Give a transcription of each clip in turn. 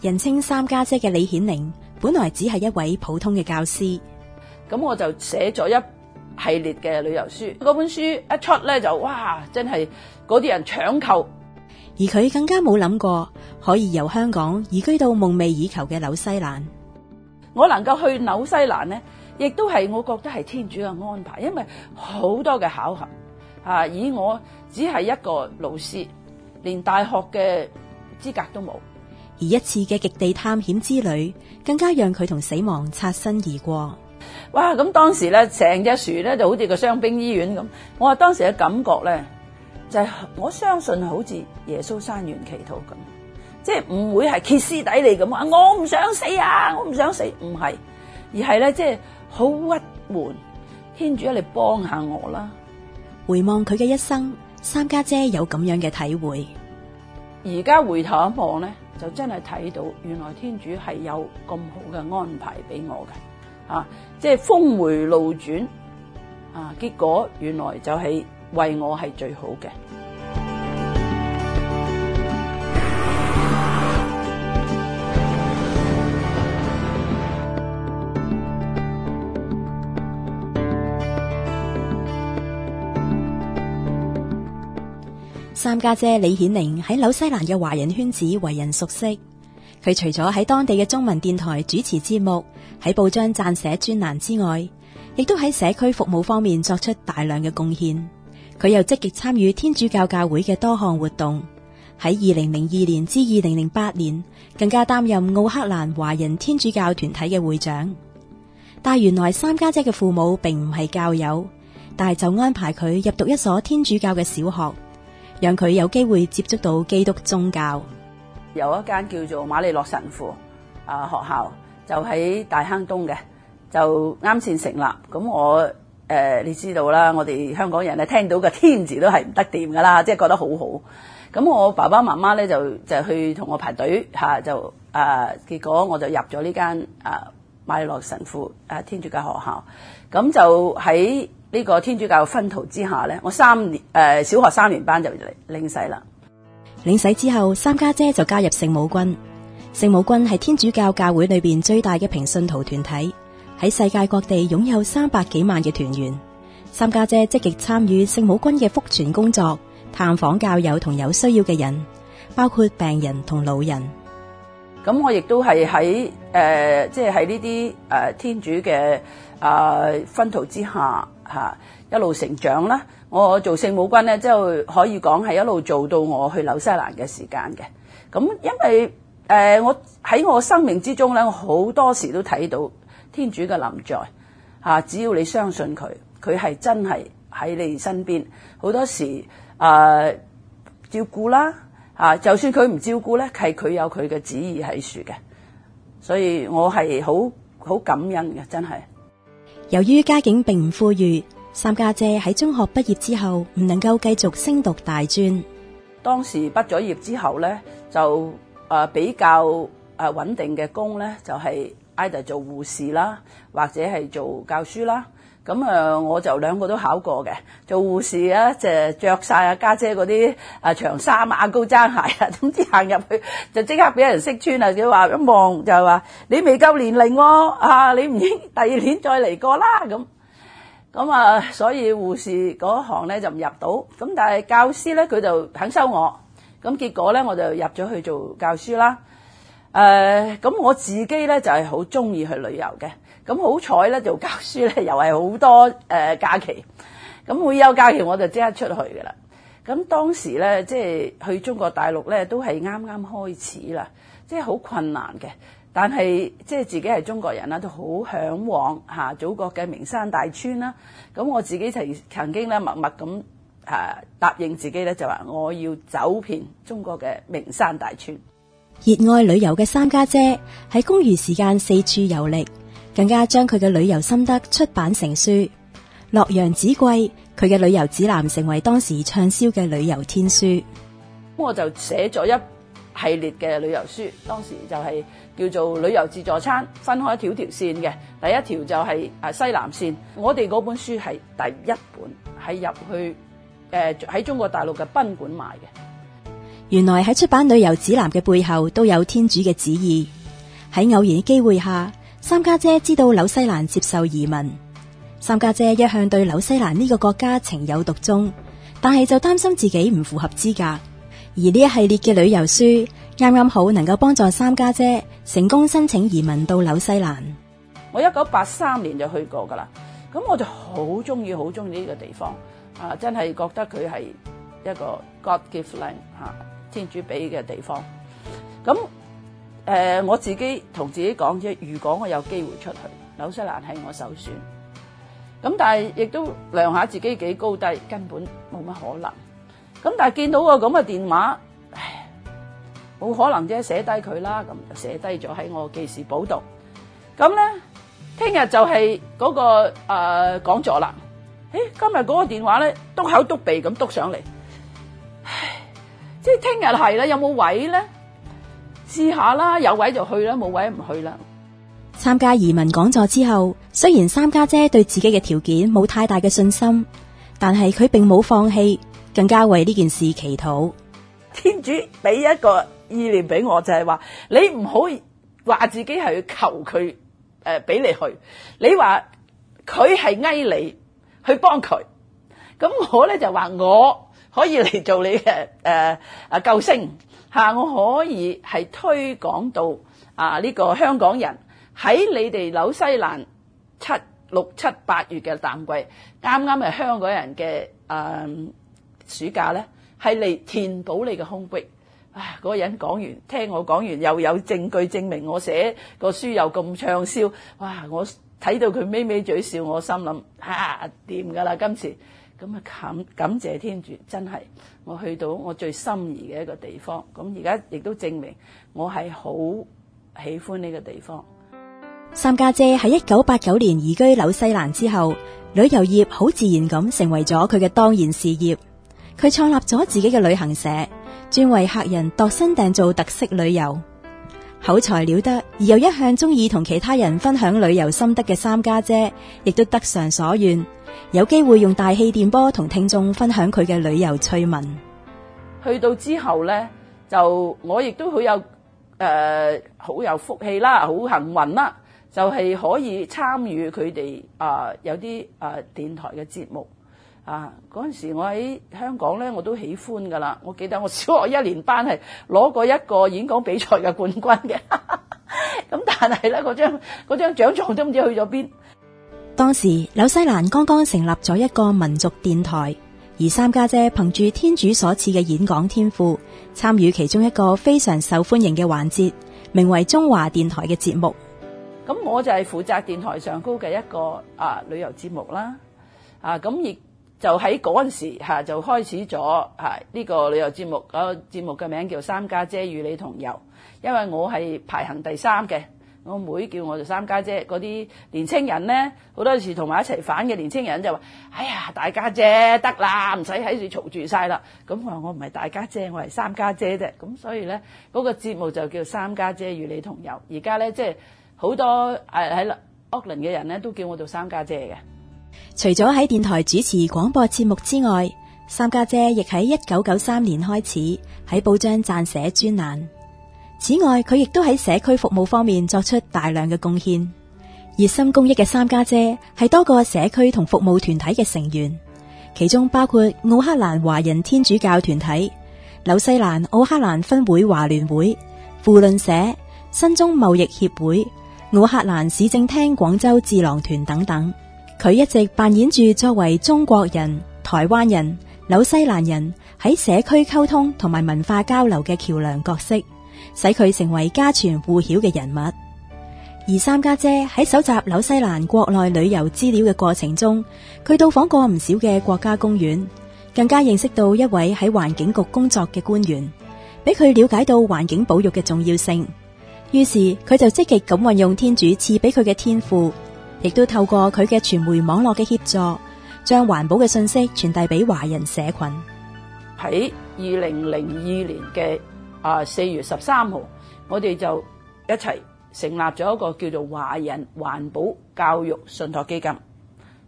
人稱三家姐嘅李顯玲，本來只係一位普通嘅教師。咁我就寫咗一系列嘅旅遊書，嗰本書一出咧就哇，真係嗰啲人搶購。而佢更加冇諗過可以由香港移居到夢寐以求嘅紐西蘭。我能夠去紐西蘭呢，亦都係我覺得係天主嘅安排，因為好多嘅巧合啊！以我只係一個老師，連大學嘅資格都冇。而一次嘅極地探險之旅，更加讓佢同死亡擦身而過。哇！咁當時咧，成隻船咧就好似個傷兵醫院咁。我話當時嘅感覺咧，就係、是、我相信好似耶穌山園祈禱咁，即係唔會係歇斯底里咁話，我唔想死啊！我唔想死，唔係而係咧，即係好鬱悶。天主啊，嚟幫下我啦！回望佢嘅一生，三家姐，姐有咁樣嘅體會。而家回頭一望咧。就真係睇到，原來天主係有咁好嘅安排俾我嘅。啊，即係峰回路轉，啊，結果原來就係為我係最好嘅。三家姐李顯玲喺紐西蘭嘅華人圈子為人熟悉。佢除咗喺當地嘅中文電台主持節目，喺報章撰寫專欄之外，亦都喺社區服務方面作出大量嘅貢獻。佢又積極參與天主教教會嘅多項活動。喺二零零二年至二零零八年，更加擔任奧克蘭華人天主教團體嘅會長。但原來三家姐嘅父母並唔係教友，但係就安排佢入讀一所天主教嘅小學。讓佢有機會接觸到基督宗教，有一間叫做馬利諾神父啊學校，就喺大坑東嘅，就啱先成立。咁我誒、呃、你知道啦，我哋香港人咧聽到個天字都係唔得掂噶啦，即、就、係、是、覺得好好。咁我爸爸媽媽咧就就去同我排隊吓、啊，就、啊、結果我就入咗呢間啊。瑪利諾神父，天主教學校，咁就喺呢個天主教分途之下，我三年、呃、小學三年班就嚟領洗啦。領洗之後，三家姐，姐就加入聖母軍。聖母軍係天主教教會裏面最大嘅平信徒團體，喺世界各地擁有三百幾萬嘅團員。三家姐積極參與聖母軍嘅福傳工作，探訪教友同有需要嘅人，包括病人同老人。咁我亦都係喺誒，即係喺呢啲誒天主嘅啊薰陶之下，啊、一路成長啦。我做聖母軍咧，即、係、可以講係一路做到我去紐西蘭嘅時間嘅。咁因為誒、呃，我喺我生命之中咧，我好多時都睇到天主嘅臨在，啊、只要你相信佢，佢係真係喺你身邊。好多時啊、呃，照顧啦。啊！就算佢唔照顧咧，係佢有佢嘅旨意喺度嘅，所以我係好好感恩嘅，真係。由於家境並唔富裕，三家姐喺中學畢業之後唔能夠繼續升讀大專。當時畢咗業之後咧，就啊比較啊穩定嘅工咧，就係 either 做護士啦，或者係做教書啦。咁啊，我就兩個都考過嘅，做護士啊，即係著曬啊家姐嗰啲啊長衫啊高踭鞋啊，總之行入去就即刻俾人識穿啊！佢話一望就話你未夠年齡喎，啊你唔應第二年再嚟過啦咁。咁啊，所以護士嗰行咧就唔入到。咁但係教師咧佢就肯收我。咁結果咧我就入咗去做教書啦。誒，咁我自己咧就係好中意去旅遊嘅。咁好彩咧，就教書咧，又係好多誒假期。咁每有假期我就即刻出去噶啦。咁當時咧，即係去中國大陸咧，都係啱啱開始啦，即係好困難嘅。但係即係自己係中國人啦，都好向往祖國嘅名山大川啦。咁我自己曾曾經咧默默咁嚇答應自己咧，就話我要走遍中國嘅名山大川。熱愛旅遊嘅三家姐喺公餘時間四處遊歷。更加將佢嘅旅遊心得出版成書《洛陽紙貴》，佢嘅旅遊指南成為當時暢銷嘅旅遊天書。咁我就寫咗一系列嘅旅遊書，當時就係叫做《旅遊自助餐》，分開一條條線嘅。第一條就係誒西南線，我哋嗰本書係第一本喺入去誒喺、呃、中國大陸嘅賓館賣嘅。原來喺出版旅遊指南嘅背後都有天主嘅旨意。喺偶然嘅機會下，三家姐知道紐西蘭接受移民，三家姐一向對紐西蘭呢個國家情有獨鍾，但係就擔心自己唔符合資格，而呢一系列嘅旅遊書啱啱好能夠幫助三家姐成功申請移民到紐西蘭。我一九八三年就去過噶啦，咁我就好中意好中意呢個地方，啊，真係覺得佢係一個 God give land 吓，啊，天主俾嘅地方，咁。誒，我自己同自己講啫，如果我有機會出去，紐西蘭係我首選。咁但係亦都量下自己幾高低，根本冇乜可能。咁但係見到個咁嘅電話，唉，冇可能啫，寫低佢啦。咁就寫低咗喺我記事簿度。咁咧，聽日就係嗰個誒講座啦。誒，今日嗰個電話咧，篤口篤鼻咁篤上嚟，唉，即係聽日係啦，有冇位咧？試下啦，有位就去啦，冇位唔去啦。參加移民講座之後，雖然三家姐對自己嘅條件冇太大嘅信心，但係佢並冇放棄，更加為呢件事祈禱。天主俾一個意念俾我，就係話你唔好話自己係求佢誒，俾你去。你話佢係嗌你去幫佢，咁我咧就話我可以嚟做你嘅誒啊救星嚇！我可以係推廣到啊呢個香港人喺你哋紐西蘭七六七八月嘅淡季，啱啱係香港人嘅誒暑假咧，係嚟填補你嘅空隙。哇！嗰個人講完，聽我講完又有證據證明我寫個書又咁暢銷。哇！我睇到佢眯眯嘴笑，我心諗啊掂㗎啦，今次。咁啊感謝天主，真係我去到我最心儀嘅一個地方。咁而家亦都證明我係好喜歡呢個地方。三家姐喺一九八九年移居紐西蘭之後，旅遊業好自然咁成為咗佢嘅當然事業。佢創立咗自己嘅旅行社，專為客人度身訂造特色旅遊。口才了得，而又一向中意同其他人分享旅遊心得嘅三家姐，亦都得償所願。有機會用大氣電波同聽眾分享佢嘅旅遊趣聞。去到之後呢，就我亦都好有誒，好有福氣啦，好幸運啦，就係可以參與佢哋啊有啲誒、啊、電台嘅節目啊。嗰陣時我喺香港呢，我都喜歡噶啦。我記得我小學一年班係攞過一個演講比賽嘅冠軍嘅，咁但係咧嗰張嗰張獎狀都唔知去咗邊。當時紐西蘭剛剛成立咗一個民族電台，而三家姐憑住天主所賜嘅演講天賦，參與其中一個非常受歡迎嘅環節，名為中華電台嘅節目。咁我就係負責電台上高嘅一個啊旅遊節目啦，啊咁亦就喺嗰陣時吓、啊、就開始咗吓呢個旅遊節目，個、啊、節目嘅名叫三家姐與你同遊，因為我係排行第三嘅。我妹叫我做三家姐，嗰啲年青人呢，好多時同埋一齊反嘅年青人就話：「哎呀，大家姐得啦，唔使喺度嘈住晒啦。咁佢話我唔係大家姐，我係三家姐啫。咁所以呢，嗰個節目就叫三家姐與你同遊。而家呢，即係好多喺屋邨嘅人呢，都叫我做三家姐嘅。除咗喺電台主持廣播節目之外，三家姐亦喺一九九三年開始喺報章撰寫專欄。此外，佢亦都喺社區服務方面作出大量嘅貢獻。熱心公益嘅三家姐係多個社區同服務團體嘅成員，其中包括奧克蘭華人天主教團體、紐西蘭奧克蘭分會華聯會、扶輪社、新中貿易協會、奧克蘭市政廳廣州智囊團等等。佢一直扮演住作為中國人、台灣人、紐西蘭人喺社區溝通同埋文化交流嘅橋梁角色。使佢成為家傳戶曉嘅人物。而三家姐喺搜集紐西蘭國內旅遊資料嘅過程中，佢到訪過唔少嘅國家公園，更加認識到一位喺環境局工作嘅官員，俾佢了解到環境保育嘅重要性。於是佢就積極咁運用天主賜俾佢嘅天賦，亦都透過佢嘅傳媒網絡嘅協助，將環保嘅信息傳遞俾華人社群。喺二零零二年嘅。.啊！四月十三號，我哋就一齊成立咗一個叫做華人環保教育信託基金。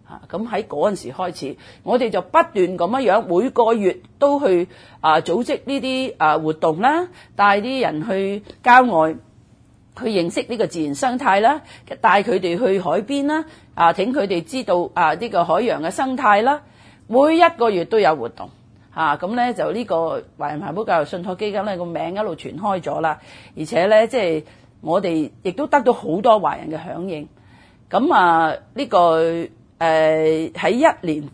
啊，咁喺嗰陣時開始，我哋就不斷咁樣樣，每個月都去啊組織呢啲啊活動啦，帶啲人去郊外，去認識呢個自然生態啦，帶佢哋去海邊啦，啊，請佢哋知道啊呢個海洋嘅生態啦，每一個月都有活動。嚇，咁咧就呢個華人環保教育信託基金咧，個名一路傳開咗啦，而且咧，即係我哋亦都得到好多華人嘅響應。咁啊呢、呢個誒喺、呃、一年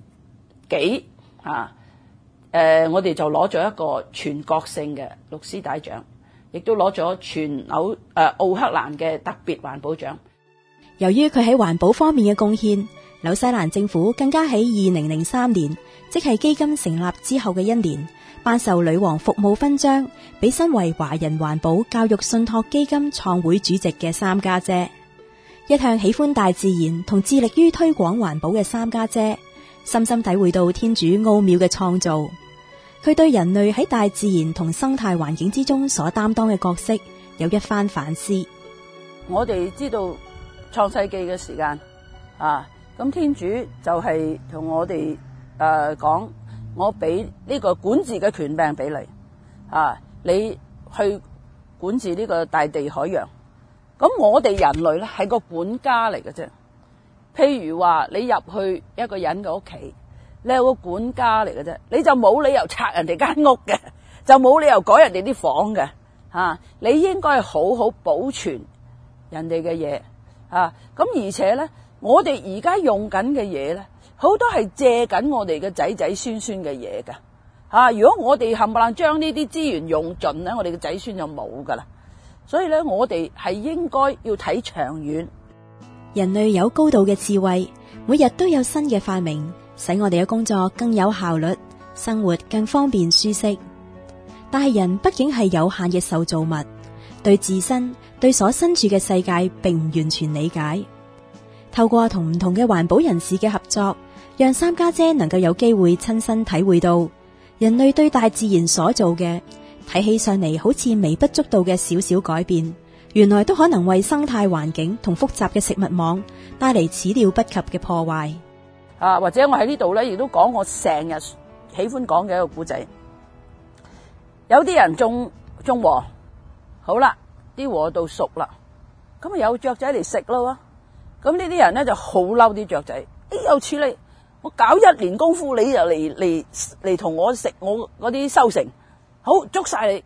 幾嚇、啊呃、我哋就攞咗一個全國性嘅綠絲帶獎，亦都攞咗全紐誒奧克蘭嘅特別環保獎。由於佢喺環保方面嘅貢獻，紐西蘭政府更加喺二零零三年，即係基金成立之後嘅一年，頒授女王服務勳章，俾身為華人環保教育信託基金創會主席嘅三家姐。一向喜歡大自然同致力於推廣環保嘅三家姐，深深體會到天主奧妙嘅創造。佢對人類喺大自然同生態環境之中所擔當嘅角色，有一番反思。我哋知道創世紀嘅時間啊，咁天主就係同我哋。誒、呃，講，我俾呢個管治嘅權柄俾你，啊，你去管治呢個大地海洋。咁我哋人類咧係個管家嚟嘅啫。譬如話你入去一個人嘅屋企，你係個管家嚟嘅啫，你就冇理由拆人哋間屋嘅，就冇理由改人哋啲房嘅。啊，你應該係好好保存人哋嘅嘢。啊，咁而且咧，我哋而家用緊嘅嘢咧。好多係借緊我哋嘅仔仔孫孫嘅嘢㗎。如果我哋冚唪唥將呢啲資源用盡咧，我哋嘅仔孫就冇噶啦。所以咧，我哋係應該要睇長遠。人類有高度嘅智慧，每日都有新嘅發明，使我哋嘅工作更有效率，生活更方便舒適。但係人畢竟係有限嘅受造物，對自身對所身處嘅世界並唔完全理解。透過同唔同嘅環保人士嘅合作。讓三家姐能夠有機會親身體會到人類對大自然所做嘅，睇起上嚟，好似微不足道嘅小小改變，原來都可能為生態環境同複雜嘅食物網帶嚟始料不及嘅破壞。啊，或者我喺呢度咧，亦都講我成日喜歡講嘅一個故仔。有啲人種種禾，好啦，啲禾到熟啦，咁啊有雀仔嚟食啦，咁呢啲人咧就好嬲，啲雀仔，哎，有此理。我搞一年功夫，你就嚟嚟嚟同我食我嗰啲收成，好捉晒你，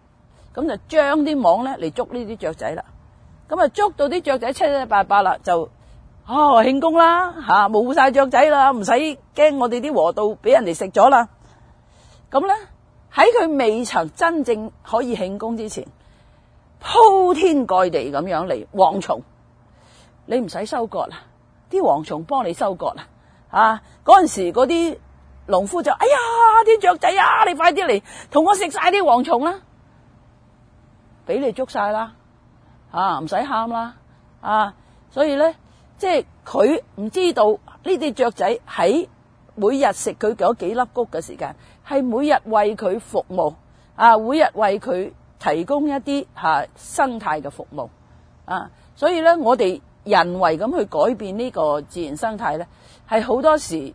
咁就將啲網咧嚟捉呢啲雀仔啦，咁啊捉到啲雀仔七七八八啦，就哦慶功啦吓，冇晒雀仔啦，唔使驚我哋啲禾稻俾人哋食咗啦，咁咧喺佢未曾真正可以慶功之前，鋪天蓋地咁樣嚟蝗蟲，你唔使收割啦，啲蝗蟲幫你收割啦。啊！嗰陣時嗰啲農夫就：哎呀，啲雀仔啊，你快啲嚟同我食晒啲蝗蟲啦、啊，俾你捉晒啦！啊，唔使喊啦！啊，所以咧，即係佢唔知道呢啲雀仔喺每日食佢嗰幾粒谷嘅時間，係每日為佢服務，啊，每日為佢提供一啲吓、啊、生態嘅服務啊！所以咧，我哋。人為咁去改變呢個自然生態呢，係好多時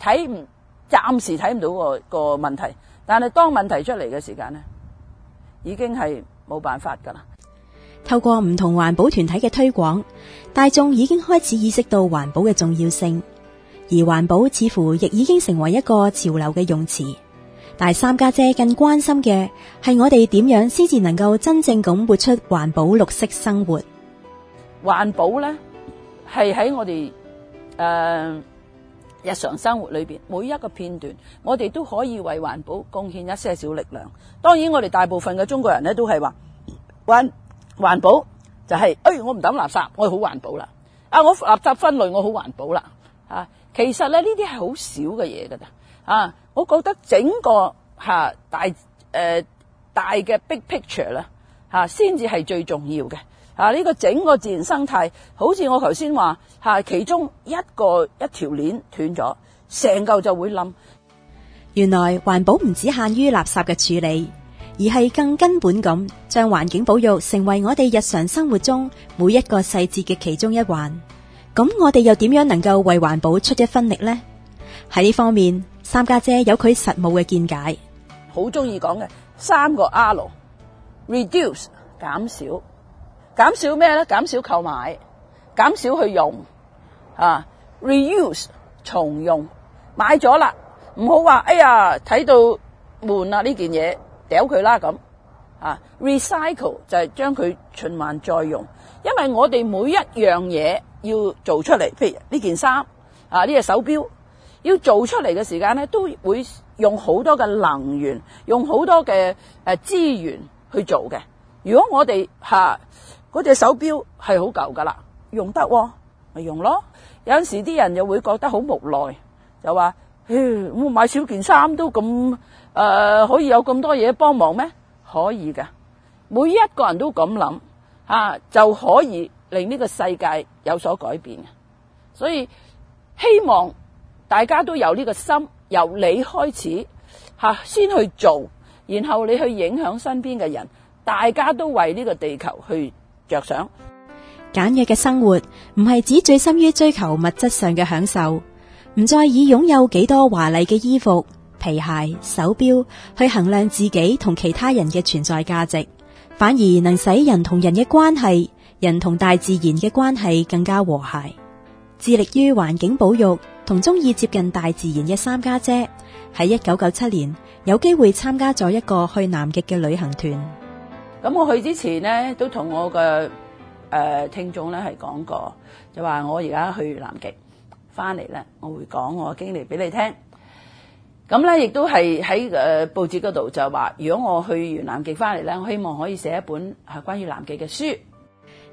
睇唔暫時睇唔到個個問題，但係當問題出嚟嘅時間呢，已經係冇辦法噶啦。透過唔同環保團體嘅推廣，大眾已經開始意識到環保嘅重要性，而環保似乎亦已經成為一個潮流嘅用詞。但係三家姐姐更關心嘅係我哋點樣先至能夠真正咁活出環保綠色生活。環保咧，係喺我哋誒、呃、日常生活裏邊每一個片段，我哋都可以為環保貢獻一些少力量。當然，我哋大部分嘅中國人咧都係話，環環保就係、是、誒、哎，我唔抌垃圾，我好環保啦。啊，我垃圾分類，我好環保啦、啊。其實咧呢啲係好少嘅嘢噶啊，我覺得整個吓、啊、大誒、呃、大嘅 big picture 啦、啊，吓先至係最重要嘅。啊！呢個整個自然生態，好似我頭先話吓，其中一個一條鏈斷咗，成嚿就會冧。原來環保唔只限於垃圾嘅處理，而係更根本咁，將環境保育成為我哋日常生活中每一個細節嘅其中一環。咁我哋又點樣能夠為環保出一分力呢？喺呢方面，三家姐，姐有佢實務嘅見解，好中意講嘅三個 R 咯：Reduce 減少。減少咩咧？減少購買，減少去用啊。Reuse 重用，買咗啦，唔好話哎呀，睇到悶啊呢件嘢，掉佢啦咁啊。Recycle 就係將佢循環再用，因為我哋每一樣嘢要做出嚟，譬如呢件衫啊呢隻手錶，要做出嚟嘅時間咧，都會用好多嘅能源，用好多嘅誒資源去做嘅。如果我哋吓。啊嗰隻手錶係好舊噶啦，用得咪用咯。有陣時啲人又會覺得好無奈，就話，我買少件衫都咁，誒、呃，可以有咁多嘢幫忙咩？可以㗎。每一個人都咁諗、啊，就可以令呢個世界有所改變。所以希望大家都有呢個心，由你開始吓、啊、先去做，然後你去影響身邊嘅人，大家都為呢個地球去。若想簡約嘅生活，唔係只醉心於追求物質上嘅享受，唔再以擁有幾多華麗嘅衣服、皮鞋、手表去衡量自己同其他人嘅存在價值，反而能使人同人嘅關係、人同大自然嘅關係更加和諧。致力於環境保育同中意接近大自然嘅三家姐，喺一九九七年有機會參加咗一個去南極嘅旅行團。咁我去之前呢，都同我嘅誒、呃、聽眾咧係講過，就話我而家去南極，翻嚟咧，我會講我嘅經歷俾你聽。咁咧，亦都係喺誒報紙嗰度就話，如果我去完南極翻嚟咧，我希望可以寫一本係關於南極嘅書。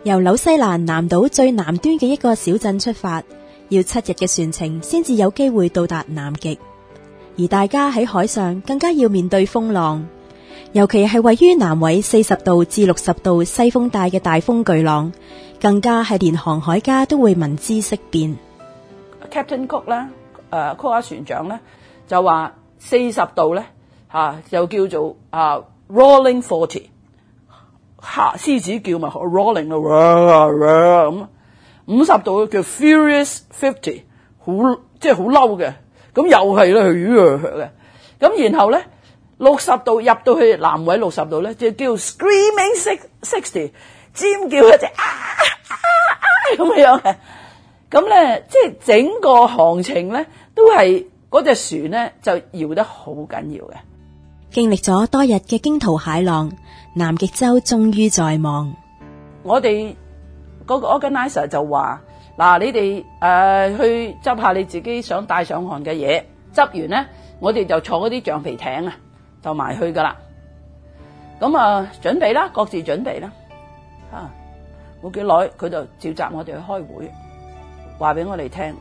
由紐西蘭南島最南端嘅一個小鎮出發，要七日嘅船程先至有機會到達南極，而大家喺海上更加要面對風浪。尤其係位於南緯四十度至六十度西風帶嘅大風巨浪，更加係連航海家都會聞之色變。Captain Cook 咧，誒，Cook 阿船長咧就話四十度咧，吓、uh, 又叫做、uh, rolling 40, 啊 Rolling Forty，吓獅子叫咪 Rolling Around 啦，咁五十度叫 Furious Fifty，好即係好嬲嘅，咁又係咧，咁、啊啊啊啊啊、然後咧。六十度入到去南緯六十度咧，就叫 screaming six sixty 尖叫一隻啊啊啊，咁樣嘅。咁咧，即係整個行程咧，都係嗰隻船咧就搖得好緊要嘅。經歷咗多日嘅驚濤駭浪，南極洲終於在望。我哋嗰個 organizer 就話：嗱，你哋誒、呃、去執下你自己想帶上岸嘅嘢，執完咧，我哋就坐嗰啲橡皮艇啊。就埋去噶啦，咁啊準備啦，各自準備啦，吓冇幾耐佢就召集我哋去開會，話俾我哋聽，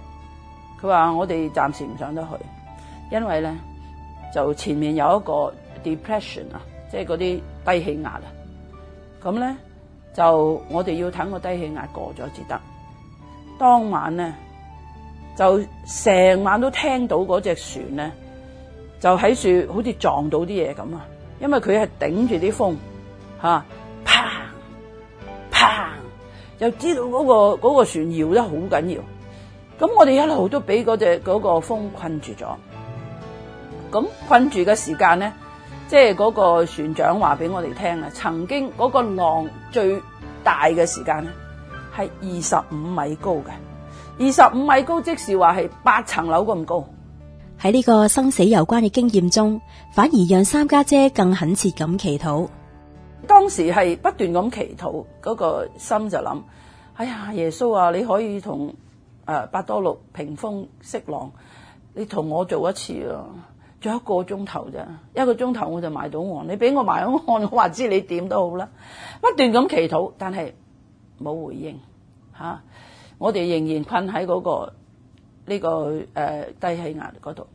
佢話我哋暫時唔想得去，因為咧就前面有一個 depression 啊，即係嗰啲低氣壓啊，咁咧就我哋要等個低氣壓過咗至得。當晚咧就成晚都聽到嗰隻船咧。就喺樹，好似撞到啲嘢咁啊！因為佢係頂住啲風，吓、啊、啪，啪，又知道嗰個嗰個船搖得好緊要。咁我哋一路都俾嗰隻嗰個風困住咗。咁困住嘅時間咧，即係嗰個船長話俾我哋聽啊，曾經嗰個浪最大嘅時間咧，係二十五米高嘅。二十五米高，即係話係八層樓咁高。喺呢個生死攸關嘅經驗中，反而讓三家姐，姐更懇切咁祈禱。當時係不斷咁祈禱，嗰、那個心就諗，哎呀，耶穌啊，你可以同誒伯多祿平風息浪，你同我做一次啊，做一個鐘頭啫，一個鐘頭我就埋到岸，你俾我埋到岸，我話知你點都好啦。不斷咁祈禱，但係冇回應，吓、啊，我哋仍然困喺嗰、那個呢、這個誒、呃、低氣壓嗰度。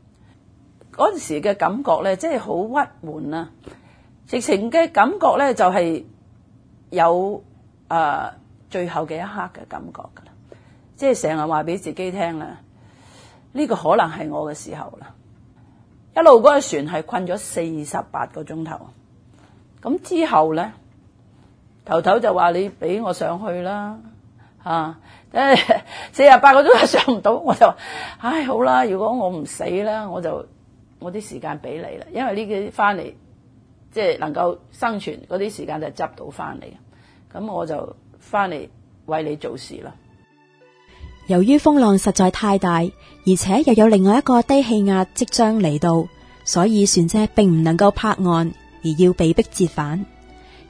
嗰陣時嘅感覺咧，即係好鬱悶啊！直情嘅感覺咧，就係有誒最後嘅一刻嘅感覺噶啦，即係成日話俾自己聽啦。呢個可能係我嘅時候啦。一路嗰隻船係困咗四十八個鐘頭，咁之後咧，頭頭就話你俾我上去啦，啊，四十八個鐘頭上唔到，我就話唉好啦，如果我唔死啦，我就。我啲時間俾你啦，因為呢啲翻嚟即係能夠生存嗰啲時間就執到翻嚟，咁我就翻嚟為你做事啦。由於風浪實在太大，而且又有另外一個低氣壓即將嚟到，所以船隻並唔能夠泊岸，而要被迫折返。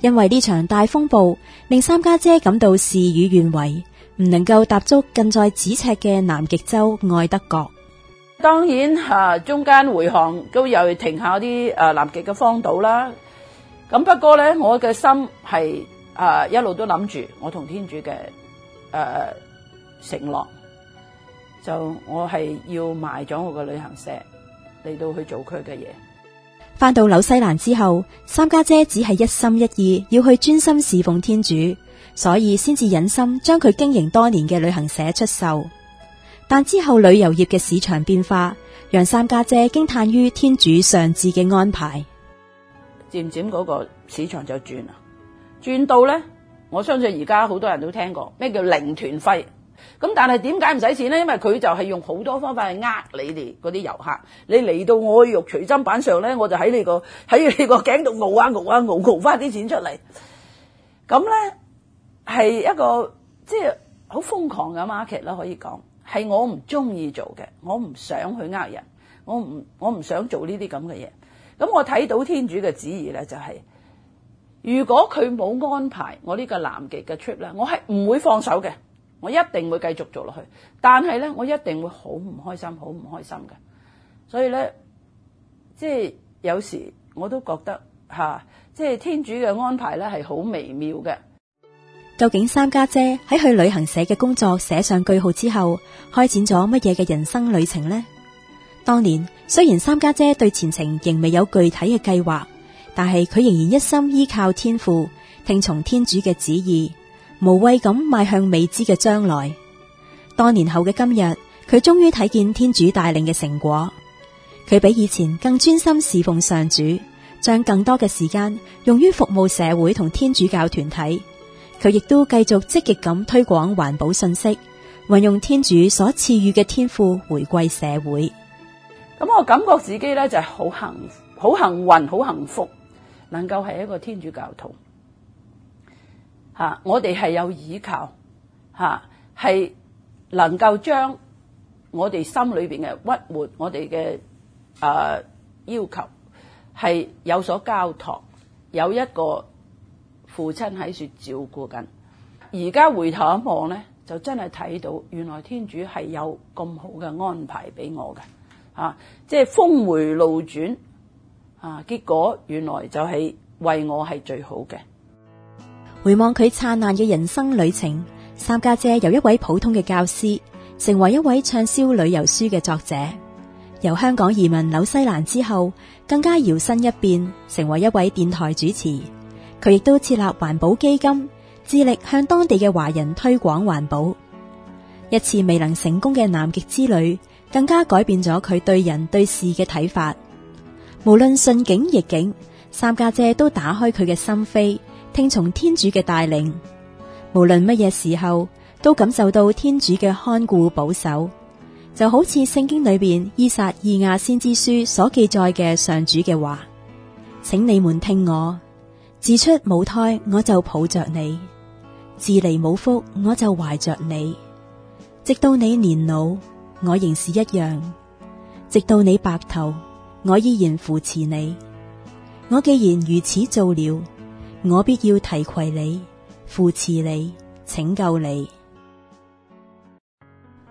因為呢場大風暴令三家姐，姐感到事與願違，唔能夠踏足近在咫尺嘅南極洲愛德國。當然、啊、中間回航都有停下啲誒、啊，南極嘅荒島啦。咁、啊、不過呢，我嘅心係、啊、一路都諗住我同天主嘅誒承諾，就我係要賣咗我嘅旅行社嚟到去做佢嘅嘢。翻到紐西蘭之後，三家姐，姐只係一心一意要去專心侍奉天主，所以先至忍心將佢經營多年嘅旅行社出售。但之後旅遊業嘅市場變化，讓三家姐驚嘆於天主上智嘅安排。漸漸嗰個市場就轉啦，轉到咧，我相信而家好多人都聽過咩叫零團費。咁但係點解唔使錢咧？因為佢就係用好多方法去呃你哋嗰啲遊客。你嚟到我嘅肉隨砧板上咧，我就喺你個喺你個頸度熬啊熬啊熬熬翻啲錢出嚟。咁咧係一個即係好瘋狂嘅 market 啦，可以講。係我唔中意做嘅，我唔想去呃人，我唔我唔想做呢啲咁嘅嘢。咁我睇到天主嘅旨意呢，就係、是、如果就係如果佢冇安排我呢個南極嘅 trip 呢，我係唔會放手嘅，我一定會繼續做落去。但係呢，我一定會好唔開心，好唔開心嘅。所以呢，即係有時我都覺得吓，即係天主嘅安排呢係好微妙嘅。究竟三家姐喺去旅行社嘅工作寫上句號之後，開展咗乜嘢嘅人生旅程呢？當年雖然三家姐對前程仍未有具體嘅計劃，但係佢仍然一心依靠天父，聽從天主嘅旨意，無畏咁邁向未知嘅將來。多年後嘅今日，佢終於睇見天主帶領嘅成果。佢比以前更專心侍奉上主，將更多嘅時間用於服務社會同天主教團體。佢亦都繼續積極咁推廣環保信息，運用天主所賜予嘅天賦回歸社會。咁我感覺自己咧就係、是、好幸好幸運好幸福，能夠係一個天主教徒。吓、啊，我哋係有依靠，吓、啊、係能夠將我哋心裏邊嘅屈辱，我哋嘅誒要求係有所交托，有一個。父親喺處照顧緊，而家回頭一望呢，就真係睇到原來天主係有咁好嘅安排俾我嘅，啊，即係峰回路轉啊！結果原來就係為我係最好嘅。回望佢燦爛嘅人生旅程，三家姐，姐由一位普通嘅教師成為一位暢銷旅遊書嘅作者，由香港移民紐西蘭之後，更加搖身一變成為一位電台主持。佢亦都設立環保基金，致力向當地嘅華人推廣環保。一次未能成功嘅南極之旅，更加改變咗佢對人對事嘅睇法。無論順境逆境，三家姐，姐都打開佢嘅心扉，聽從天主嘅帶領。無論乜嘢時候，都感受到天主嘅看顧保守，就好似聖經裏邊《依撒意亞先知書》所記載嘅上主嘅話，請你們聽我。自出母胎我就抱着你，自離母腹我就懷着你，直到你年老我仍是一樣，直到你白頭我依然扶持你。我既然如此做了，我必要提攜你、扶持你、拯救你。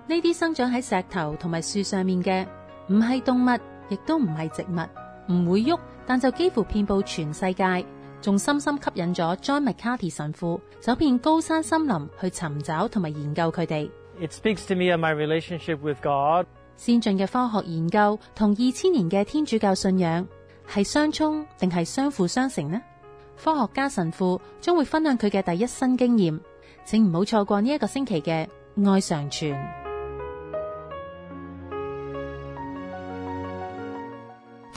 呢啲生長喺石頭同埋樹上面嘅，唔係動物，亦都唔係植物，唔會喐，但就幾乎遍布全世界。仲深深吸引咗 John McCarthy 神父走遍高山森林去尋找同埋研究佢哋。It speaks to me of my relationship with God。先進嘅科學研究同二千年嘅天主教信仰係相衝定係相輔相成呢？科學家神父將會分享佢嘅第一身經驗，請唔好錯過呢一個星期嘅愛上傳。